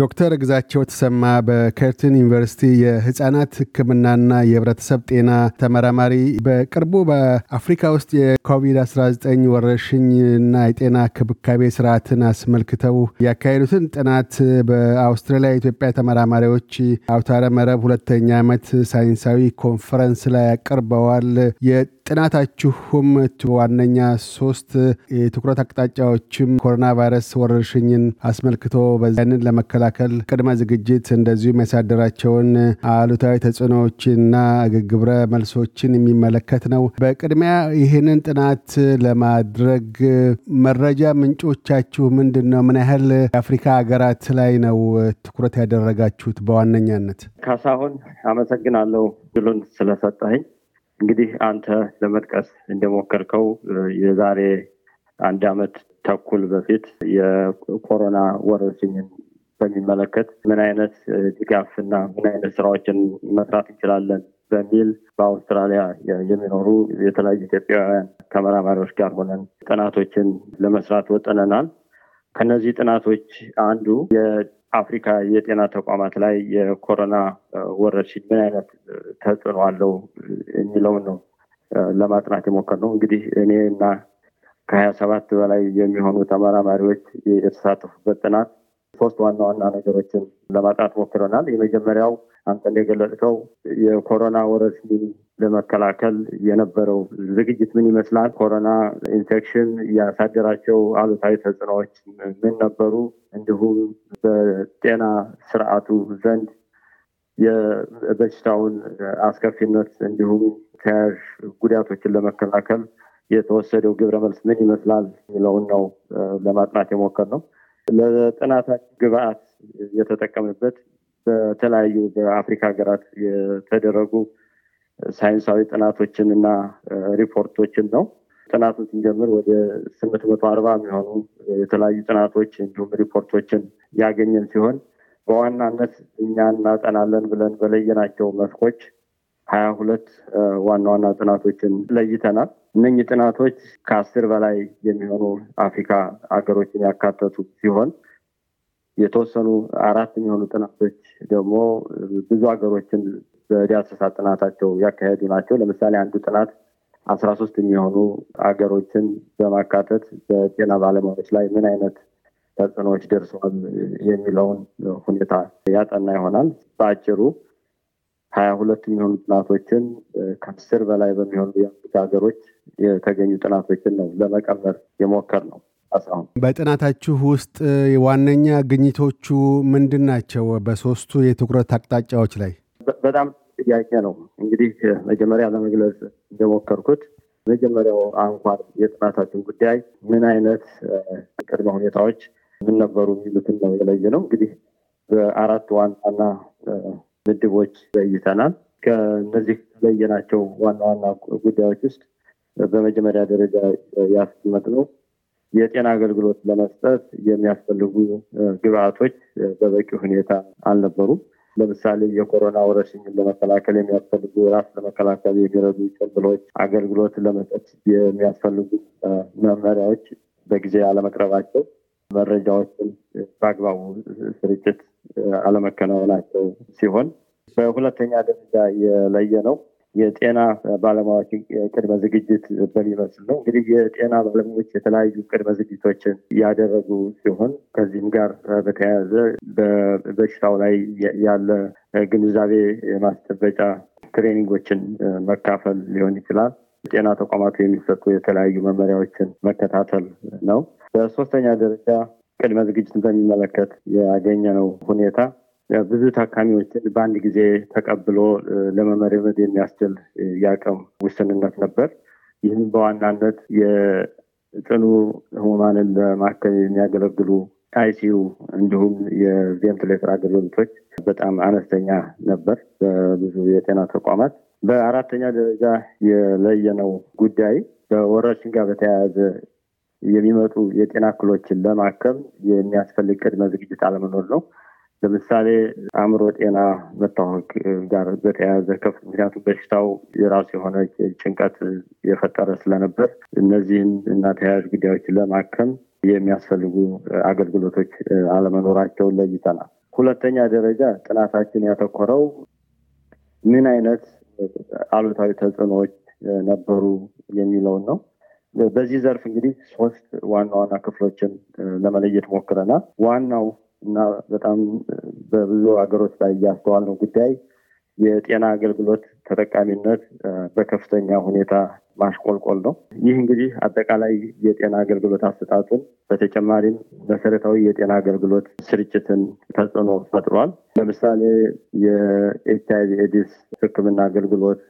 ዶክተር ግዛቸው ተሰማ በከርቲን ዩኒቨርሲቲ የህፃናት ህክምናና የህብረተሰብ ጤና ተመራማሪ፣ በቅርቡ በአፍሪካ ውስጥ የኮቪድ-19 ወረርሽኝና የጤና ክብካቤ ስርዓትን አስመልክተው ያካሄዱትን ጥናት በአውስትራሊያ የኢትዮጵያ ተመራማሪዎች አውታረ መረብ ሁለተኛ ዓመት ሳይንሳዊ ኮንፈረንስ ላይ አቅርበዋል። ጥናታችሁም ዋነኛ ሶስት የትኩረት አቅጣጫዎችም ኮሮና ቫይረስ ወረርሽኝን አስመልክቶ ያንን ለመከላከል ቅድመ ዝግጅት፣ እንደዚሁም ያሳደራቸውን አሉታዊ ተጽዕኖዎችና ግብረ መልሶችን የሚመለከት ነው። በቅድሚያ ይህንን ጥናት ለማድረግ መረጃ ምንጮቻችሁ ምንድን ነው? ምን ያህል የአፍሪካ ሀገራት ላይ ነው ትኩረት ያደረጋችሁት በዋነኛነት? ካሳሁን አመሰግናለሁ ድሉን ስለሰጠኝ እንግዲህ አንተ ለመጥቀስ እንደሞከርከው የዛሬ አንድ አመት ተኩል በፊት የኮሮና ወረርሽኝን በሚመለከት ምን አይነት ድጋፍ እና ምን አይነት ስራዎችን መስራት እንችላለን በሚል በአውስትራሊያ የሚኖሩ የተለያዩ ኢትዮጵያውያን ተመራማሪዎች ጋር ሆነን ጥናቶችን ለመስራት ወጥነናል። ከነዚህ ጥናቶች አንዱ አፍሪካ የጤና ተቋማት ላይ የኮሮና ወረርሽኝ ምን አይነት ተጽዕኖ አለው የሚለውን ነው ለማጥናት የሞከር ነው እንግዲህ እኔ እና ከሀያ ሰባት በላይ የሚሆኑ ተመራማሪዎች የተሳተፉበት ጥናት ሶስት ዋና ዋና ነገሮችን ለማጥናት ሞክረናል። የመጀመሪያው አንተ እንደገለጽከው የኮሮና ወረርሽኝ ለመከላከል የነበረው ዝግጅት ምን ይመስላል? ኮሮና ኢንፌክሽን ያሳደራቸው አሉታዊ ተጽዕኖዎች ምን ነበሩ? እንዲሁም በጤና ስርዓቱ ዘንድ የበሽታውን አስከፊነት እንዲሁም ተያያዥ ጉዳቶችን ለመከላከል የተወሰደው ግብረ መልስ ምን ይመስላል የሚለውን ነው ለማጥናት ነው። ለጥናታችን ግብአት የተጠቀምንበት በተለያዩ በአፍሪካ ሀገራት የተደረጉ ሳይንሳዊ ጥናቶችን እና ሪፖርቶችን ነው። ጥናቱን ስንጀምር ወደ ስምንት መቶ አርባ የሚሆኑ የተለያዩ ጥናቶች እንዲሁም ሪፖርቶችን ያገኘን ሲሆን በዋናነት እኛ እናጠናለን ብለን በለየናቸው መስኮች ሀያ ሁለት ዋና ዋና ጥናቶችን ለይተናል። እነኚህ ጥናቶች ከአስር በላይ የሚሆኑ አፍሪካ ሀገሮችን ያካተቱ ሲሆን የተወሰኑ አራት የሚሆኑ ጥናቶች ደግሞ ብዙ ሀገሮችን በዳሰሳ ጥናታቸው ያካሄዱ ናቸው። ለምሳሌ አንዱ ጥናት አስራ ሶስት የሚሆኑ አገሮችን በማካተት በጤና ባለሙያዎች ላይ ምን አይነት ተጽዕኖዎች ደርሰዋል የሚለውን ሁኔታ ያጠና ይሆናል። በአጭሩ ሀያ ሁለት የሚሆኑ ጥናቶችን ከአስር በላይ በሚሆኑ የአፍሪካ ሀገሮች የተገኙ ጥናቶችን ነው ለመቀመር የሞከር ነው። በጥናታችሁ ውስጥ ዋነኛ ግኝቶቹ ምንድን ናቸው? በሶስቱ የትኩረት አቅጣጫዎች ላይ በጣም ጥያቄ ነው። እንግዲህ መጀመሪያ ለመግለጽ እንደሞከርኩት መጀመሪያው አንኳር የጥናታችን ጉዳይ ምን አይነት ቅድመ ሁኔታዎች ምን ነበሩ የሚሉትን ነው የለየ ነው። እንግዲህ በአራት ዋናና ምድቦች ለይተናል። ከነዚህ ለየናቸው ዋና ዋና ጉዳዮች ውስጥ በመጀመሪያ ደረጃ ነው የጤና አገልግሎት ለመስጠት የሚያስፈልጉ ግብአቶች በበቂ ሁኔታ አልነበሩም። ለምሳሌ የኮሮና ወረርሽኝን ለመከላከል የሚያስፈልጉ ራስ ለመከላከል የሚረዱ ጭንብሎች፣ አገልግሎት ለመስጠት የሚያስፈልጉ መመሪያዎች በጊዜ አለመቅረባቸው፣ መረጃዎችን በአግባቡ ስርጭት አለመከናወናቸው ሲሆን በሁለተኛ ደረጃ የለየ ነው የጤና ባለሙያዎች ቅድመ ዝግጅት በሚመስል ነው። እንግዲህ የጤና ባለሙያዎች የተለያዩ ቅድመ ዝግጅቶችን ያደረጉ ሲሆን ከዚህም ጋር በተያያዘ በበሽታው ላይ ያለ ግንዛቤ የማስጨበጫ ትሬኒንጎችን መካፈል ሊሆን ይችላል። ጤና ተቋማቱ የሚሰጡ የተለያዩ መመሪያዎችን መከታተል ነው። በሶስተኛ ደረጃ ቅድመ ዝግጅትን በሚመለከት ያገኘ ነው ሁኔታ ብዙ ታካሚዎችን በአንድ ጊዜ ተቀብሎ ለመመርመድ የሚያስችል የአቅም ውስንነት ነበር። ይህም በዋናነት የጽኑ ህሙማንን ለማከም የሚያገለግሉ አይሲዩ እንዲሁም የቬንትሌተር አገልግሎቶች በጣም አነስተኛ ነበር በብዙ የጤና ተቋማት። በአራተኛ ደረጃ የለየነው ጉዳይ በወረርሽኝ ጋር በተያያዘ የሚመጡ የጤና እክሎችን ለማከም የሚያስፈልግ ቅድመ ዝግጅት አለመኖር ነው። ለምሳሌ አእምሮ ጤና መታወክ ጋር በተያያዘ ከፍ ምክንያቱም በሽታው የራሱ የሆነ ጭንቀት የፈጠረ ስለነበር እነዚህን እና ተያያዥ ጉዳዮች ለማከም የሚያስፈልጉ አገልግሎቶች አለመኖራቸውን ለይተናል። ሁለተኛ ደረጃ ጥናታችን ያተኮረው ምን አይነት አሉታዊ ተጽዕኖዎች ነበሩ የሚለውን ነው። በዚህ ዘርፍ እንግዲህ ሶስት ዋና ዋና ክፍሎችን ለመለየት ሞክረናል። ዋናው እና በጣም በብዙ ሀገሮች ላይ ነው ጉዳይ የጤና አገልግሎት ተጠቃሚነት በከፍተኛ ሁኔታ ማሽቆልቆል ነው። ይህ እንግዲህ አጠቃላይ የጤና አገልግሎት አሰጣጡን በተጨማሪም መሰረታዊ የጤና አገልግሎት ስርጭትን ተጽዕኖ ፈጥሯል። ለምሳሌ የኤች አይቪ ኤዲስ ሕክምና አገልግሎት፣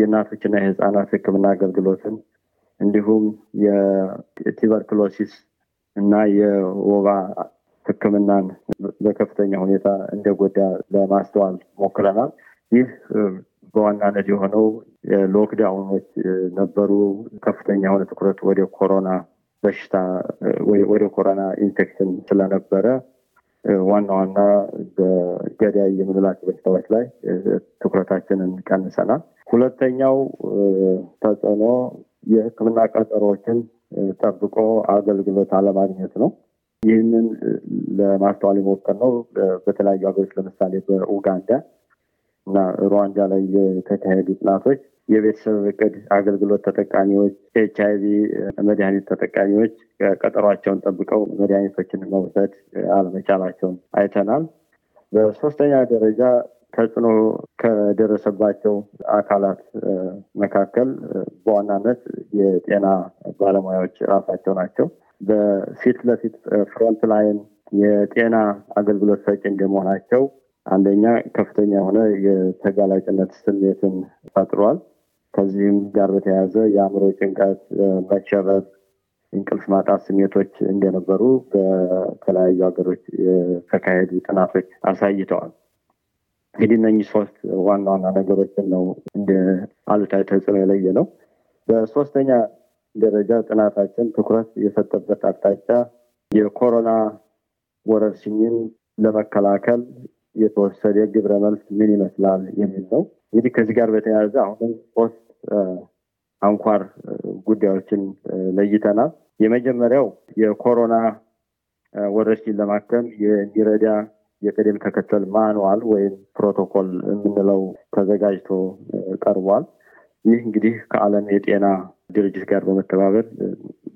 የእናቶችና የህፃናት ሕክምና አገልግሎትን እንዲሁም የቲበርክሎሲስ እና የወባ ሕክምናን በከፍተኛ ሁኔታ እንደጎዳ ለማስተዋል ሞክረናል። ይህ በዋናነት የሆነው ሎክዳውኖች ነበሩ። ከፍተኛ የሆነ ትኩረት ወደ ኮሮና በሽታ ወደ ኮሮና ኢንፌክሽን ስለነበረ ዋና ዋና በገዳይ የምንላቸው በሽታዎች ላይ ትኩረታችንን ቀንሰናል። ሁለተኛው ተጽዕኖ የህክምና ቀጠሮዎችን ጠብቆ አገልግሎት አለማግኘት ነው። ይህንን ለማስተዋል የሞከር ነው በተለያዩ ሀገሮች ለምሳሌ በኡጋንዳ እና ሩዋንዳ ላይ የተካሄዱ ጥናቶች የቤተሰብ እቅድ አገልግሎት ተጠቃሚዎች ኤች ቪ መድኃኒት ተጠቃሚዎች ቀጠሯቸውን ጠብቀው መድኃኒቶችን መውሰድ አለመቻላቸውን አይተናል። በሶስተኛ ደረጃ ተጽዕኖ ከደረሰባቸው አካላት መካከል በዋናነት የጤና ባለሙያዎች ራሳቸው ናቸው። በፊት ለፊት ፍሮንት ላይን የጤና አገልግሎት ሰጪ እንደመሆናቸው አንደኛ ከፍተኛ የሆነ የተጋላጭነት ስሜትን ፈጥሯል። ከዚህም ጋር በተያያዘ የአእምሮ ጭንቀት፣ መሸበር፣ እንቅልፍ ማጣት ስሜቶች እንደነበሩ በተለያዩ ሀገሮች የተካሄዱ ጥናቶች አሳይተዋል። እንግዲህ እነኚህ ሶስት ዋና ዋና ነገሮችን ነው እንደ አሉታዊ ተጽዕኖ የለየ ነው። በሶስተኛ ደረጃ ጥናታችን ትኩረት የሰጠበት አቅጣጫ የኮሮና ወረርሽኝን ለመከላከል የተወሰደ ግብረ መልስ ምን ይመስላል የሚል ነው። እንግዲህ ከዚህ ጋር በተያያዘ አሁንም ሶስት አንኳር ጉዳዮችን ለይተናል። የመጀመሪያው የኮሮና ወረርሽኝ ለማከም የሚረዳ የቅደም ተከተል ማንዋል ወይም ፕሮቶኮል የምንለው ተዘጋጅቶ ቀርቧል። ይህ እንግዲህ ከዓለም የጤና ድርጅት ጋር በመተባበር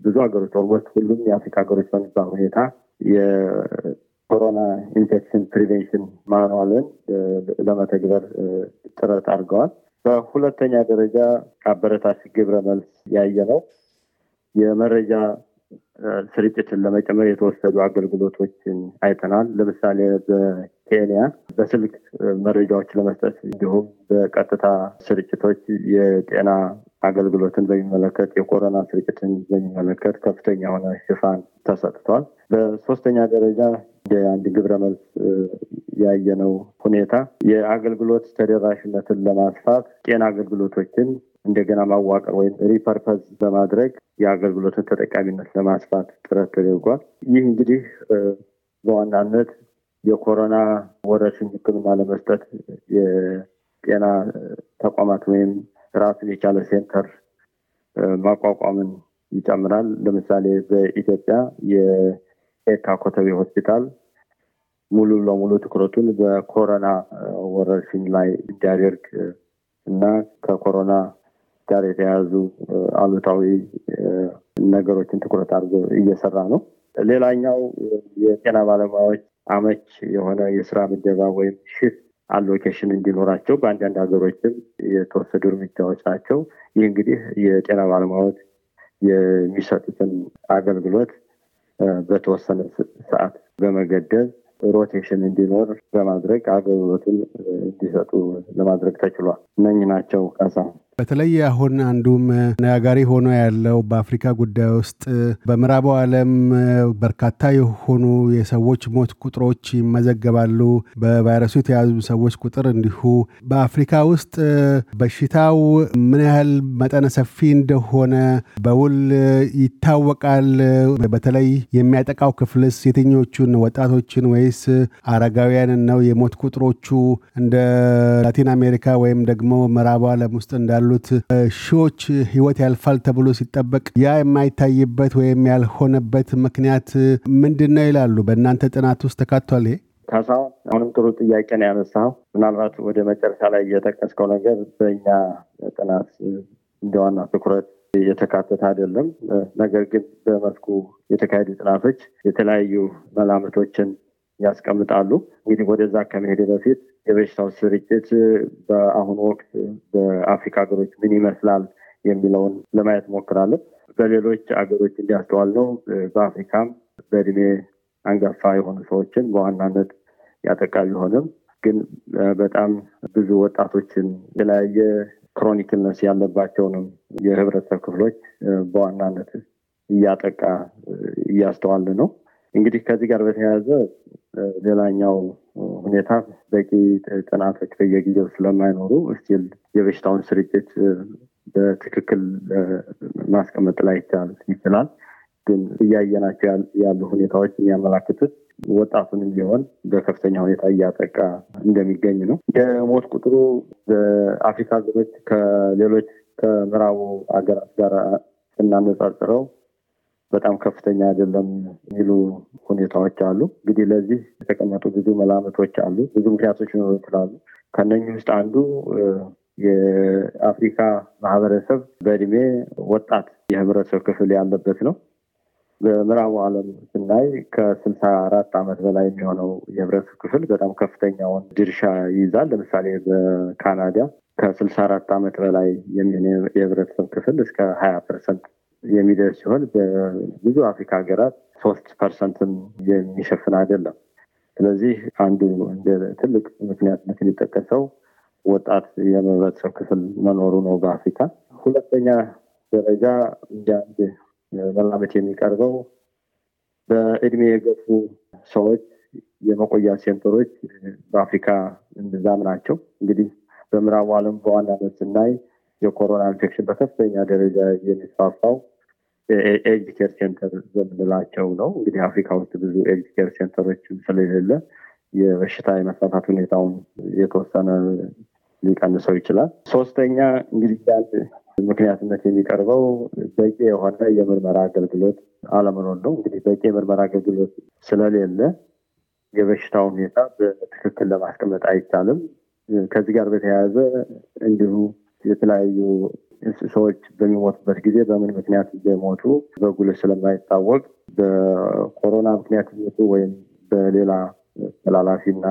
ብዙ ሀገሮች ኦልሞስት ሁሉም የአፍሪካ ሀገሮች በሚባል ሁኔታ የኮሮና ኢንፌክሽን ፕሪቬንሽን ማኑዋልን ለመተግበር ጥረት አድርገዋል። በሁለተኛ ደረጃ ከአበረታች ግብረ መልስ ያየ ነው የመረጃ ስርጭትን ለመጨመር የተወሰዱ አገልግሎቶችን አይተናል። ለምሳሌ ኬንያ በስልክ መረጃዎች ለመስጠት እንዲሁም በቀጥታ ስርጭቶች የጤና አገልግሎትን በሚመለከት የኮሮና ስርጭትን በሚመለከት ከፍተኛ የሆነ ሽፋን ተሰጥቷል። በሶስተኛ ደረጃ የአንድ ግብረ መልስ ያየነው ሁኔታ የአገልግሎት ተደራሽነትን ለማስፋት ጤና አገልግሎቶችን እንደገና ማዋቀር ወይም ሪፐርፐዝ በማድረግ የአገልግሎትን ተጠቃሚነት ለማስፋት ጥረት ተደርጓል። ይህ እንግዲህ በዋናነት የኮሮና ወረርሽኝ ሕክምና ለመስጠት የጤና ተቋማት ወይም ራሱን የቻለ ሴንተር ማቋቋምን ይጨምራል። ለምሳሌ በኢትዮጵያ የኤካ ኮተቤ ሆስፒታል ሙሉ ለሙሉ ትኩረቱን በኮሮና ወረርሽኝ ላይ እንዲያደርግ እና ከኮሮና ጋር የተያያዙ አሉታዊ ነገሮችን ትኩረት አድርጎ እየሰራ ነው። ሌላኛው የጤና ባለሙያዎች አመች የሆነ የስራ ምደባ ወይም ሽፍት አሎኬሽን እንዲኖራቸው በአንዳንድ ሀገሮችም የተወሰዱ እርምጃዎች ናቸው። ይህ እንግዲህ የጤና ባለሙያዎች የሚሰጡትን አገልግሎት በተወሰነ ሰዓት በመገደብ ሮቴሽን እንዲኖር በማድረግ አገልግሎቱን እንዲሰጡ ለማድረግ ተችሏል። እነኚህ ናቸው ካሳ በተለይ አሁን አንዱም ነጋጋሪ ሆኖ ያለው በአፍሪካ ጉዳይ ውስጥ በምዕራቡ ዓለም በርካታ የሆኑ የሰዎች ሞት ቁጥሮች ይመዘገባሉ። በቫይረሱ የተያዙ ሰዎች ቁጥር እንዲሁ። በአፍሪካ ውስጥ በሽታው ምን ያህል መጠነ ሰፊ እንደሆነ በውል ይታወቃል። በተለይ የሚያጠቃው ክፍልስ የትኞቹን ወጣቶችን ወይስ አረጋውያንን ነው? የሞት ቁጥሮቹ እንደ ላቲን አሜሪካ ወይም ደግሞ ምዕራቡ ዓለም ውስጥ እንዳሉ ያሉት ሺዎች ህይወት ያልፋል ተብሎ ሲጠበቅ ያ የማይታይበት ወይም ያልሆነበት ምክንያት ምንድን ነው ይላሉ። በእናንተ ጥናት ውስጥ ተካቷል ይሄ? ካሳሁን፣ አሁንም ጥሩ ጥያቄ ነው ያነሳው። ምናልባት ወደ መጨረሻ ላይ እየጠቀስከው ነገር በኛ ጥናት እንደዋና ትኩረት የተካተተ አይደለም። ነገር ግን በመስኩ የተካሄዱ ጥናቶች የተለያዩ መላምቶችን ያስቀምጣሉ። እንግዲህ ወደዛ ከመሄድ በፊት የበሽታው ስርጭት በአሁኑ ወቅት በአፍሪካ ሀገሮች ምን ይመስላል የሚለውን ለማየት ሞክራለን። በሌሎች ሀገሮች እንዲያስተዋል ነው። በአፍሪካም በእድሜ አንጋፋ የሆኑ ሰዎችን በዋናነት ያጠቃ ቢሆንም ግን በጣም ብዙ ወጣቶችን የተለያየ ክሮኒክልነስ ያለባቸውንም የህብረተሰብ ክፍሎች በዋናነት እያጠቃ እያስተዋል ነው። እንግዲህ ከዚህ ጋር በተያያዘ ሌላኛው ሁኔታ በቂ ጥናቶች በየጊዜው ስለማይኖሩ እስቲል የበሽታውን ስርጭት በትክክል ማስቀመጥ ላይ ይችላል። ግን እያየናቸው ያሉ ሁኔታዎች የሚያመላክቱት ወጣቱን ቢሆን በከፍተኛ ሁኔታ እያጠቃ እንደሚገኝ ነው። የሞት ቁጥሩ በአፍሪካ ዘሮች ከሌሎች ከምዕራቡ ሀገራት ጋር ስናነጻጽረው በጣም ከፍተኛ አይደለም የሚሉ ሁኔታዎች አሉ። እንግዲህ ለዚህ የተቀመጡ ብዙ መላምቶች አሉ፣ ብዙ ምክንያቶች ሊኖሩ ይችላሉ። ከነኚህ ውስጥ አንዱ የአፍሪካ ማህበረሰብ በእድሜ ወጣት የህብረተሰብ ክፍል ያለበት ነው። በምዕራቡ ዓለም ስናይ ከስልሳ አራት ዓመት በላይ የሚሆነው የህብረተሰብ ክፍል በጣም ከፍተኛውን ድርሻ ይይዛል። ለምሳሌ በካናዳ ከስልሳ አራት ዓመት በላይ የሚሆነ የህብረተሰብ ክፍል እስከ ሀያ ፐርሰንት የሚደርስ ሲሆን ብዙ አፍሪካ ሀገራት ሶስት ፐርሰንትም የሚሸፍን አይደለም። ስለዚህ አንዱ እንደ ትልቅ ምክንያትነት የሚጠቀሰው ወጣት የህብረተሰብ ክፍል መኖሩ ነው በአፍሪካ። ሁለተኛ ደረጃ እንደ አንድ መላመት የሚቀርበው በእድሜ የገፉ ሰዎች የመቆያ ሴንተሮች በአፍሪካ እምብዛም ናቸው። እንግዲህ በምዕራቡ ዓለም በዋናነት ስናይ የኮሮና ኢንፌክሽን በከፍተኛ ደረጃ የሚስፋፋው ኤጅ ኬር ሴንተር የምንላቸው ነው እንግዲህ አፍሪካ ውስጥ ብዙ ኤጅ ኬር ሴንተሮችም ስለሌለ የበሽታ የመስፋፋት ሁኔታውን የተወሰነ ሊቀንሰው ይችላል ሶስተኛ እንግዲህ ምክንያትነት የሚቀርበው በቂ የሆነ የምርመራ አገልግሎት አለመኖር ነው እንግዲህ በቂ የምርመራ አገልግሎት ስለሌለ የበሽታው ሁኔታ በትክክል ለማስቀመጥ አይቻልም ከዚህ ጋር በተያያዘ እንዲሁ የተለያዩ ሰዎች በሚሞቱበት ጊዜ በምን ምክንያት እንደሞቱ በጉልህ ስለማይታወቅ በኮሮና ምክንያት ሞቱ ወይም በሌላ ተላላፊና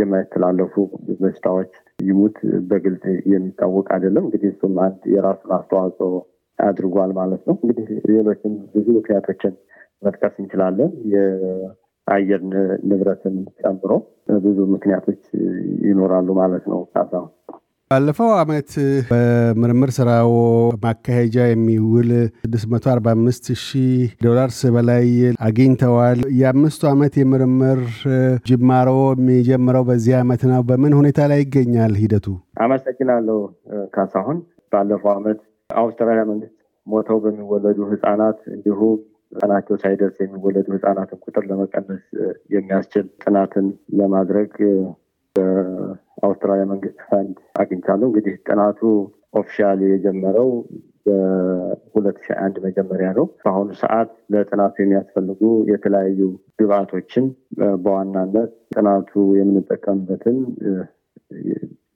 የማይተላለፉ በሽታዎች ይሙት በግልጽ የሚታወቅ አይደለም። እንግዲህ እሱም አንድ የራሱን አስተዋጽኦ አድርጓል ማለት ነው። እንግዲህ ሌሎችም ብዙ ምክንያቶችን መጥቀስ እንችላለን። የአየር ንብረትን ጨምሮ ብዙ ምክንያቶች ይኖራሉ ማለት ነው ካሳሁን። ባለፈው ዓመት በምርምር ስራዎ ማካሄጃ የሚውል 645 ሺህ ዶላርስ በላይ አግኝተዋል። የአምስቱ ዓመት የምርምር ጅማሮ የሚጀምረው በዚህ ዓመት ነው። በምን ሁኔታ ላይ ይገኛል ሂደቱ? አመሰግናለሁ ካሳሁን። ባለፈው ዓመት አውስትራሊያ መንግስት ሞተው በሚወለዱ ህጻናት እንዲሁ ህጻናቸው ሳይደርስ የሚወለዱ ህጻናትን ቁጥር ለመቀነስ የሚያስችል ጥናትን ለማድረግ በአውስትራሊያ መንግስት ፈንድ አግኝቻለሁ። እንግዲህ ጥናቱ ኦፊሻል የጀመረው በሁለት ሺህ አንድ መጀመሪያ ነው። በአሁኑ ሰዓት ለጥናቱ የሚያስፈልጉ የተለያዩ ግብአቶችን በዋናነት ጥናቱ የምንጠቀምበትን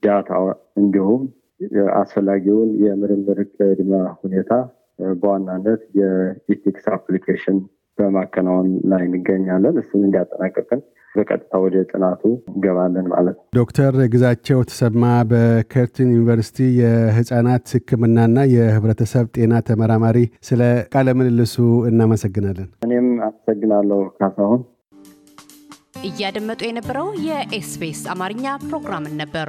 ዳታ እንዲሁም አስፈላጊውን የምርምር ቅድመ ሁኔታ በዋናነት የኢቲክስ አፕሊኬሽን በማከናወን ላይ እንገኛለን። እሱን እንዲያጠናቀቅን በቀጥታ ወደ ጥናቱ እንገባለን ማለት ነው። ዶክተር ግዛቸው ተሰማ በከርትን ዩኒቨርሲቲ የህፃናት ሕክምናና የህብረተሰብ ጤና ተመራማሪ፣ ስለ ቃለ ምልልሱ እናመሰግናለን። እኔም አመሰግናለሁ ካሳሁን። እያደመጡ የነበረው የኤስቢኤስ አማርኛ ፕሮግራምን ነበር።